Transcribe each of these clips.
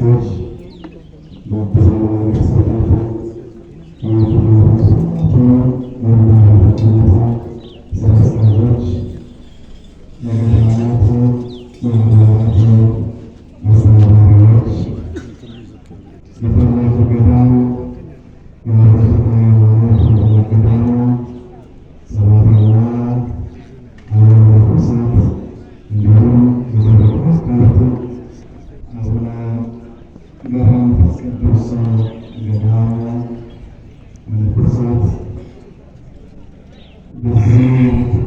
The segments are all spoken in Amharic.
Deus.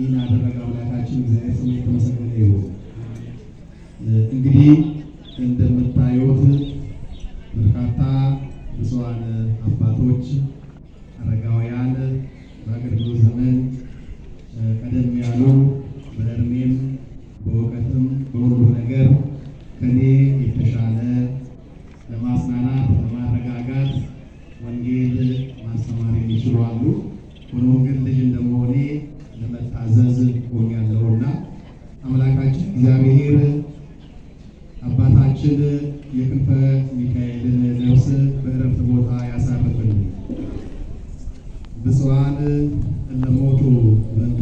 ይህን አደረገ አምላካችን እግዚአብሔር ስሙ የተመሰገነ ይሁን። እንግዲህ በእረፍት ቦታ ያሳርፍን። ብፁዓን እለሞቱ በእንተ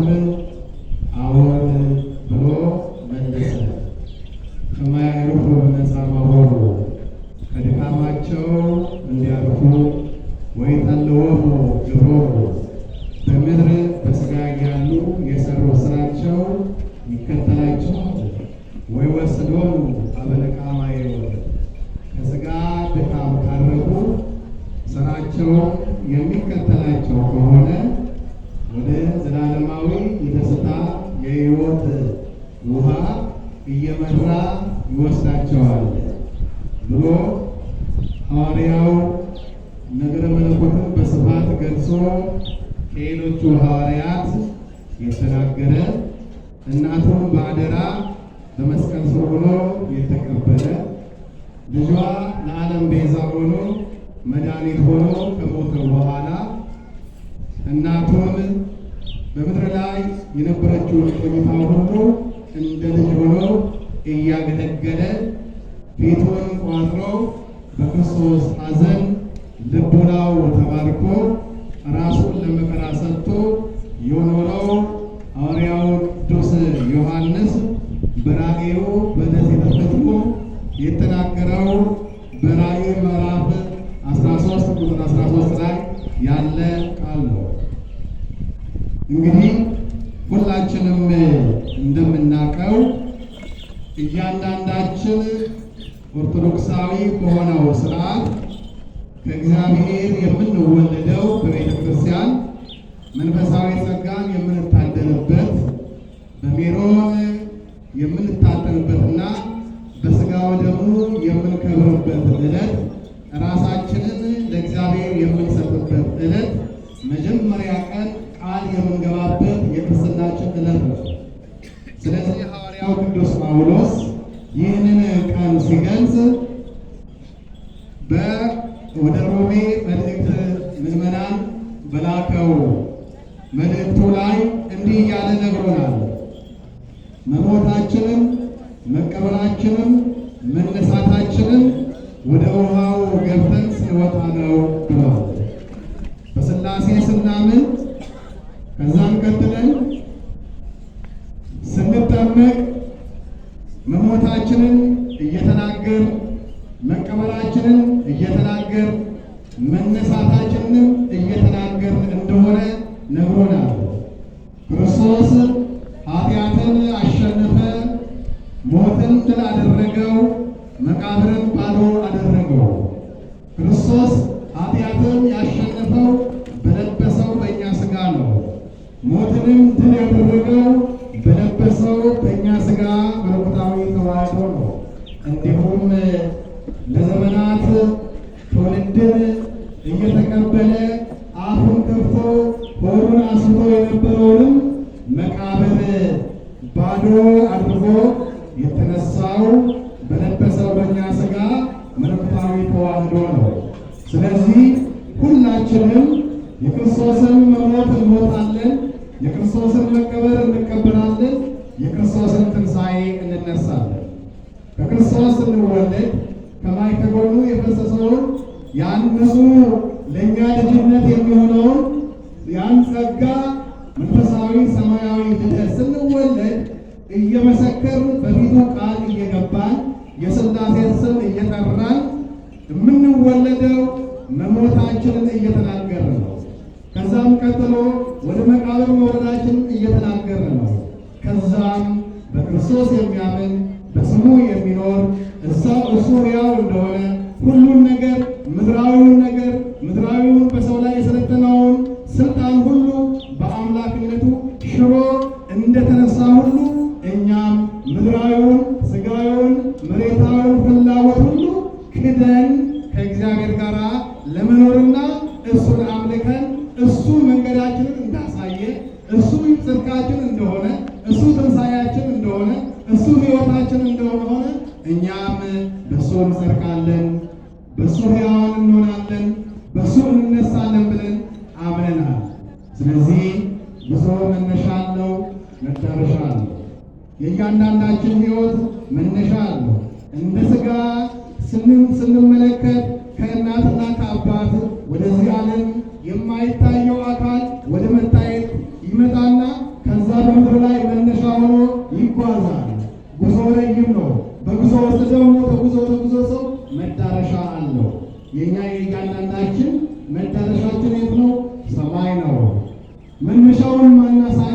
Amen. ነገረ መለኮትን በስፋት ገልጾ ከሌሎቹ ሐዋርያት የተናገረ እናቱን በአደራ በመስቀል ስር ሆኖ የተቀበለ ልጇ ለዓለም ቤዛ ሆኖ መድኃኒት ሆኖ ከሞተ በኋላ እናቱን በምድር ላይ የነበረችውን ቆይታ ሁሉ እንደ ልጅ ሆኖ እያገለገለ ቤቱን ። ቋጥሮ በክርስቶስ ሐዘን ልቦናው ተባርኮ ራሱን ለመከራ ሰጥቶ የኖረው ሐዋርያው ቅዱስ ዮሐንስ በራእዩ በደሴተ ተፈጥሮ የተናገረው በራእዩ ምዕራፍ 13 ቁጥር 13 ላይ ያለ ቃል ነው። እንግዲህ ሁላችንም እንደምናውቀው እያንዳንዳችን ኦርቶዶክሳዊ በሆነው ስርዓት ከእግዚአብሔር የምንወለደው በቤተ ክርስቲያን መንፈሳዊ ጸጋን የምንታደንበት በሜሮን የምንታጠንበትና በስጋው ደግሞ የምንከብርበት ዕለት ራሳችንን ለእግዚአብሔር የምንሰጥበት ዕለት መጀመሪያ ቀን ቃል የምንገባበት የክርስትናችን ዕለት ነው። ስለዚህ ሐዋርያው ቅዱስ ጳውሎስ ይህንን ቃል ሲገልጽ ወደ ሮሜ መልእክት ምዕመናን በላከው መልእክቱ ላይ እንዲህ እያለ ነግሮናል። መሞታችንም መቀበራችንም መነሳታችንም ወደ ውሃው ገብተን ስንወጣ ነው ብሏል። መጨመራችንን እየተናገር መነሳታችንን እየተናገር እንደሆነ ነግሮናል። ክርስቶስ ኃጢአትን አሸነፈ፣ ሞትን ድል አደረገው፣ መቃብርን ባዶ አደረገው። ክርስቶስ ኃጢአትን ያሸነፈው በለበሰው በእኛ ስጋ ነው። ሞትንም ድል ያደረገው የተቀበለ አፉን ከፍቶ ሆሩን አስቶ የነበረውንም መቃብር ባዶ አድርጎ የተነሳው በለበሰው በእኛ ሥጋ መለኮታዊ ተዋህዶ ነው። ስለዚህ ሁላችንም የክርስቶስን መሞት እንሞታለን፣ የክርስቶስን መቀበር እንቀበላለን፣ የክርስቶስን ትንሣኤ እንነሳለን። ከክርስቶስ እንወለድ ከማይ ከጎኑ የፈሰሰውን ያን ለእኛ ልጅነት የሚሆነውን ያን ጸጋ መንፈሳዊ ሰማያዊ ልደት ስንወለድ እየመሰከርን በፊቱ ቃል እየገባን የስላሴን ስም እየጠራን የምንወለደው መሞታችንን እየተናገረ ነው። ከዛም ቀጥሎ ወደ መቃብር መውረዳችንን እየተናገረ ነው። ከዛም በክርስቶስ የሚያምን በስሙ የሚኖር እዛ እሱ ያው እንደሆነ ሁሉን ነገር ምድራዊውን ነገር ምድራዊውን በሰው ላይ የሰለጠነውን ስልጣን ሁሉ በአምላክነቱ ሽሮ እንደተነሳ ሁሉ እኛም ምድራዊውን ስጋዊውን መሬታዊውን ፍላጎት ሁሉ ክደን ከእግዚአብሔር ጋር ለመኖርና እሱን አምልከን እሱ መንገዳችንን እንዳሳየ እሱ ጽድቃችን እንደሆነ እሱ ትንሣኤያችን እንደሆነ እሱ ሕይወታችን እንደሆነ እኛም በእሱ እንጸድቃለን፣ በእሱ ሕያዋን እንሆናለን። በእሱ እንነሳለን ብለን አምነናል። ስለዚህ ጉዞ መነሻ አለው፣ መዳረሻ አለው። የእያንዳንዳችን ሕይወት መነሻ አለው። እንደ ሥጋ ስንመለከት ከእናትና ከአባት ወደዚህ ዓለም የማይታየው አካል ወደ መታየት ይመጣና ከዛ በምድር ላይ መነሻ ሆኖ ይጓዛል። ጉዞ ረጅም ነው። በጉዞ ውስጥ ደግሞ ተጉዞ ተጉዞ ሰው መዳረሻ አለው። የኛ የእያንዳንዳችን መዳረሻችን የት ነው? ሰማይ ነው። መነሻውን ማናሳይ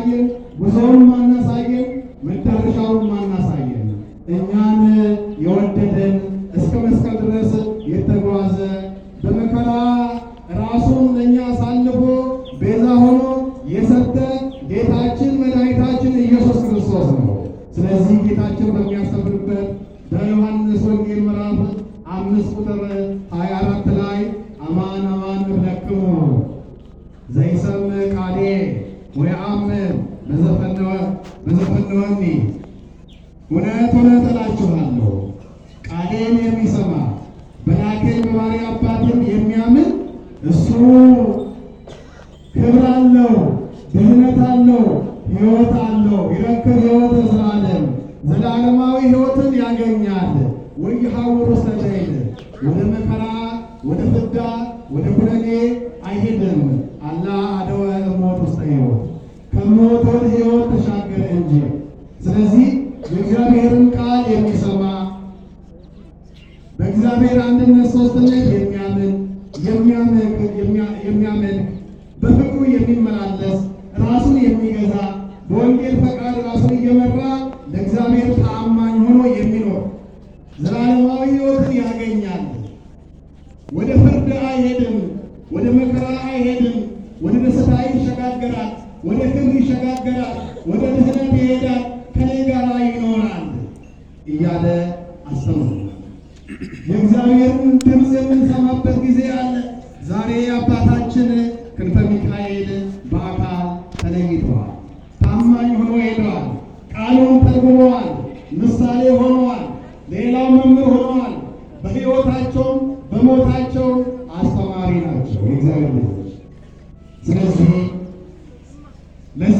እሱ ክብር አለው፣ ድህነት አለው፣ ሕይወት አለው። ይረክብ ሕይወት እስራኤል ዘላለማዊ ሕይወትን ያገኛል። ወይ ሐውር ውስጥ ወደ መከራ ወደ ፍዳ ወደ ኩነኔ አይሄድም። አላ አደወ ሞት ውስጥ ሕይወት ከሞት ወደ ተሻገረ እንጂ ስለዚህ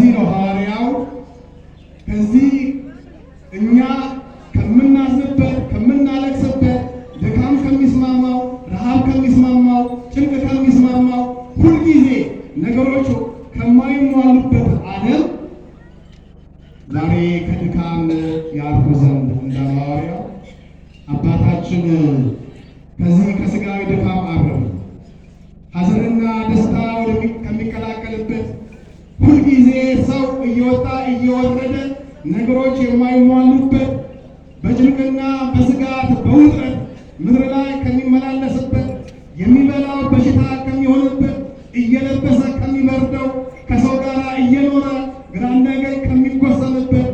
sido jadeado, decir ላይ ከሚመላለስበት፣ የሚበላው በሽታ ከሚሆንበት፣ እየለበሰ ከሚበርደው ከሰው ጋር እየኖረ ግራ ነገር ከሚጎሰምበት፣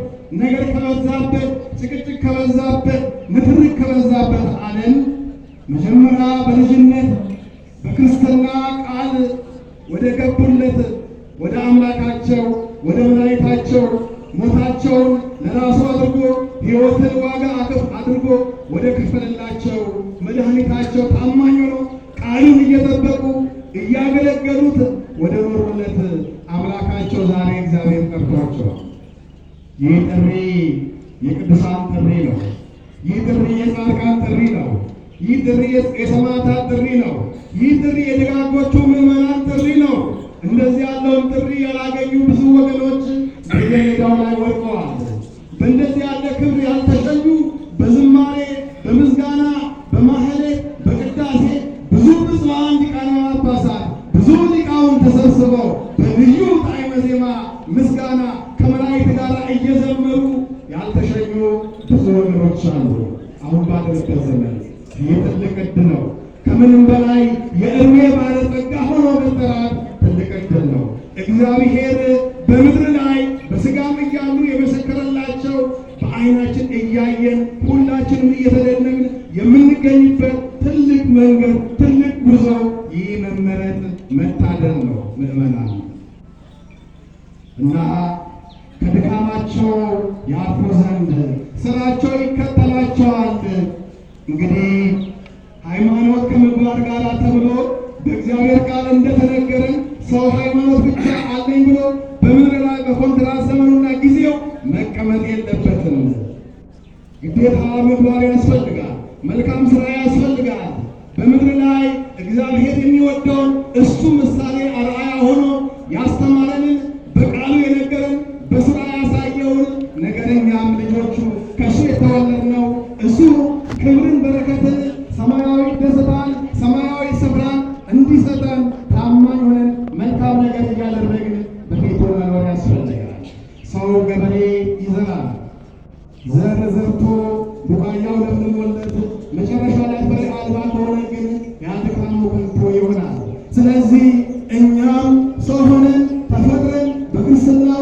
ነገር ከበዛበት፣ ጭቅጭቅ ከበዛበት፣ ንትርክ ከበዛበት ዓለም መጀመሪያ በልጅነት ይህ ጥሪ የቅዱሳን ጥሪ ነው። ይህ ጥሪ የጻድቃን ጥሪ ነው። ይህ ጥሪ የሰማዕታት ጥሪ ነው። ይህ ጥሪ የደጋጎቹ ምዕመናን ጥሪ ነው። እንደዚህ ያለውን ጥሪ ያላገኙ ብዙ ወገኖች በየሜዳው ላይ ወድቀዋል። በእንደዚህ ያለ ክብር ያልተሸኙ ተገልጦልናል። ይህ ትልቅ ዕድል ነው። ከምንም በላይ የእድሜ ባለጸጋ ሆኖ መጠራት ትልቅ ዕድል ነው። እግዚአብሔር በምድር ላይ በሥጋም እያሉ የመሰከረላቸው በአይናችን እያየን ያስፈልጋል። መልካም ስራ ያስፈልጋል። በምድር ላይ እግዚአብሔር የሚወደውን እሱ ምሳሌ አርአያ ሆኖ ያስተማረ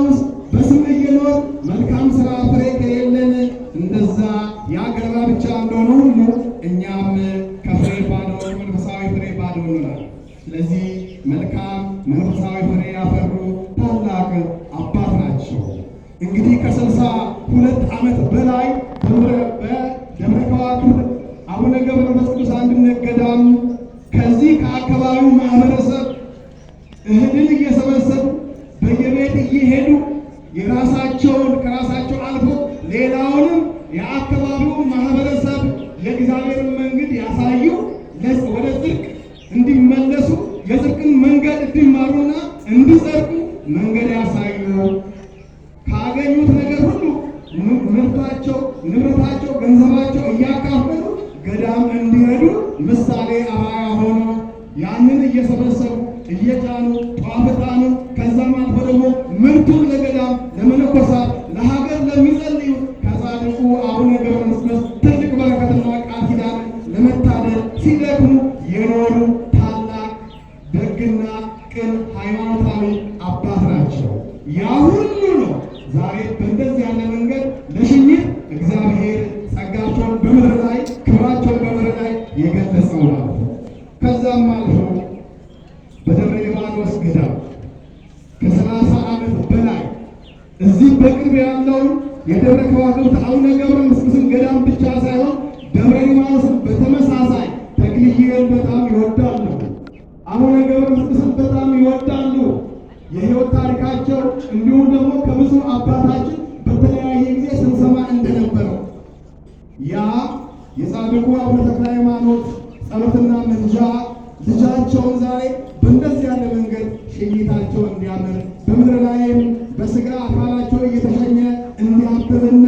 ውስጥ በስም እየኖር መልካም ስራ ፍሬ ከሌለን እንደዛ የአገር ብቻ እንደሆነ ሁሉ እኛም ከፍሬ ባዶ መንፈሳዊ ፍሬ ባዶ እንላል። ስለዚህ መልካም መንፈሳዊ ፍሬ ያፈሩ ታላቅ አባት ናቸው። እንግዲህ ከስልሳ ሁለት ዓመት በላይ በደብረ ከዋክብት አቡነ ገብረ መንፈስ ቅዱስ አንድነት ገዳም ከዚህ ከአካባቢው ማህበረሰብ እህልን እየሰበሰቡ ቤት እየሄዱ የራሳቸውን ከራሳቸው አልፎ ሌላውንም የአካባቢው ማህበረሰብ ለእግዚአብሔር መንገድ ያሳዩ ወደ ጽድቅ እንዲመለሱ የጽድቅን መንገድ እንዲማሩና እንዲጸድቁ መንገድ ያሳዩ የተባረሩት አቡነ ገብረ መስቀል ገዳም ብቻ ሳይሆን እንዲያምር በምድር ላይም በስጋ አካላቸው እየተሸኘ እንዲያብብና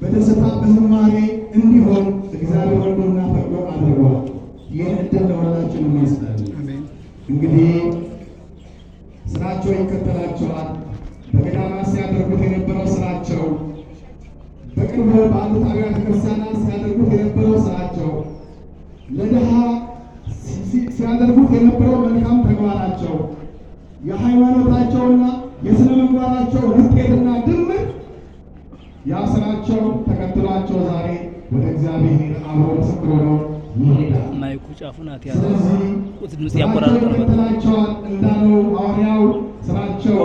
በደስታ በዝማሬ እንዲሆን እግዚአብሔር ወዶና ፈቅዶ አድርጓል። ይህን እድል ለሁላችን ይመስላል። እንግዲህ ስራቸው ይከተላቸዋል። በገዳማት ሲያደርጉት የነበረው ስራቸው፣ በቅርቡ ባሉት አብያተ ክርስቲያናት ሲያደርጉት የነበረው ስራቸው፣ ለድሃ ሲያደርጉት የነበረው መልካም ተግባራቸው የሃይማኖታቸውና የስነ ምግባራቸው ውጤትና ድምር ስራቸው ተከትሏቸው ዛሬ ወደ እግዚአብሔር አብሮ ምስክር ሆነው ይሄዳል። ማይኩ ጫፉናት ያለ ድምጽ ያቆራርጣል እንዳለው ሐዋርያው ስራቸው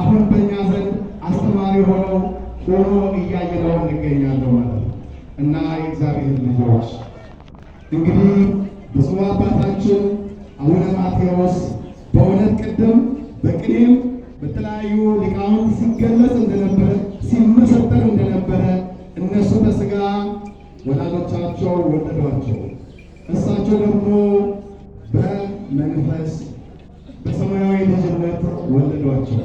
አሁን በእኛ ዘንድ አስተማሪ ሆነው ሆኖ እያየነው እንገኛለሁ ማለት ነው እና የእግዚአብሔር ልጆች እንግዲህ ብፁዕ አባታችን አቡነ ማቴዎስ በእውነት ቅድም በቅኔም በተለያዩ ሊቃውንት ሲገለጽ እንደነበረ ሲመሰጠር እንደነበረ እነሱ በስጋ ወላጆቻቸው ወለዷቸው፣ እሳቸው ደግሞ በመንፈስ በሰማያዊ ልጅነት ወለዷቸው።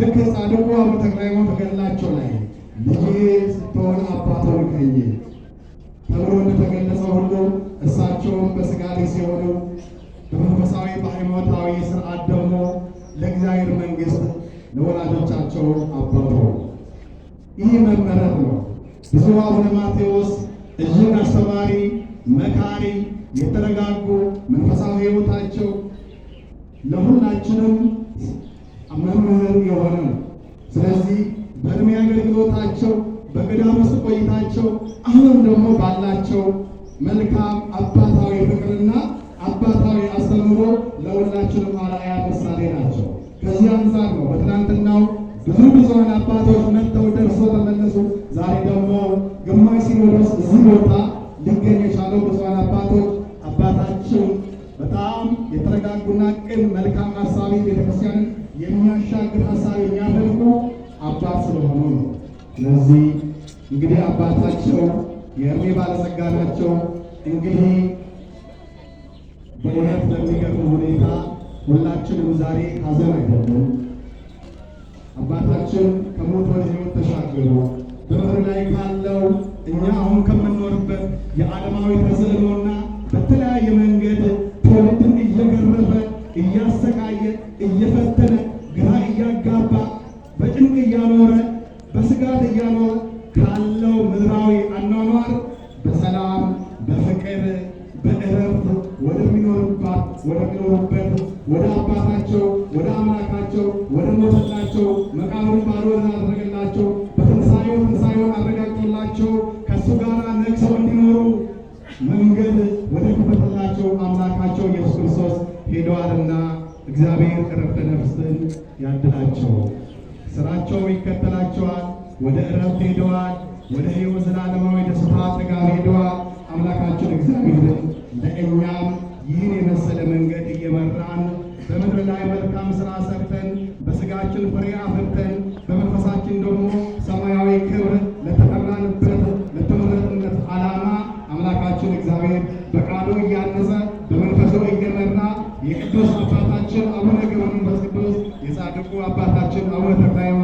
ልክ ጻድቁ አቡነ ተክለ ሃይማኖት ተገላቸው ላይ ልጄ ስትሆን አባቶ ልከኝ ተብሎ እንደተገለጸ ሁሉ እሳቸውም በስጋ ሲሆኑ መንግሥት ለወላጆቻቸው አባቶ ይህ መመረጥ ነው። ብፁዕ አቡነ ማቴዎስ እጅግ አስተማሪ፣ መካሪ፣ የተረጋጉ መንፈሳዊ ሕይወታቸው ለሁላችንም መምህር የሆነ ነው። ስለዚህ በእድሜ አገልግሎታቸው በገዳም ውስጥ ቆይታቸው አሁንም ደግሞ ባላቸው መልካም አባታዊ ፍቅርና አባታዊ አስተምህሮ ለሁላችንም አርአያ ምሳሌ ናቸው። ከዚህ አንጻር ነው በትናንትናው ብዙ ብዙሀን አባቶች መጥተው ደርሶ ተመለሱ። ዛሬ ደግሞ ግማሽ ሲኖዶስ እዚህ ቦታ ሊገኝ የቻለው ብዙሀን አባቶች አባታችን በጣም የተረጋጉና ቅን መልካም ሀሳቢ ቤተክርስቲያንን የሚያሻግር ሀሳብ የሚያፈልቁ አባት ስለሆኑ ነው። ስለዚህ እንግዲህ አባታቸው የእድሜ ባለጸጋ ናቸው። እንግዲህ በእውነት በሚገርም ሁኔታ ሁላችንም ዛሬ ሀዘን አይደለም። አባታችን ከሞት ወደ ሕይወት ተሻገሩ። በምድር ላይ ካለው እኛ አሁን ከምንኖርበት የዓለማዊ ተስዕሎ ሥራቸው ይከተላቸዋል። ወደ እረፍት ሄደዋል። ወደ ሕይወት ዘላለማዊ ደስታ ጥጋብ ሄደዋል። አምላካችን እግዚአብሔርን ለእኛም ይህን የመሰለ መንገድ እየመራን በምድር ላይ መልካም ስራ ሰርተን በስጋችን ፍሬ አፍርተን በመንፈሳችን ደግሞ ሰማያዊ ክብር ለተጠራንበት ለተመረጥንበት ዓላማ አምላካችን እግዚአብሔር በቃሉ እያነጸ በመንፈሱ እየመራ የቅዱስ አባታችን አቡነ ገብረ መንፈስ ቅዱስ የጻድቁ አባታችን አቡነ ተክለ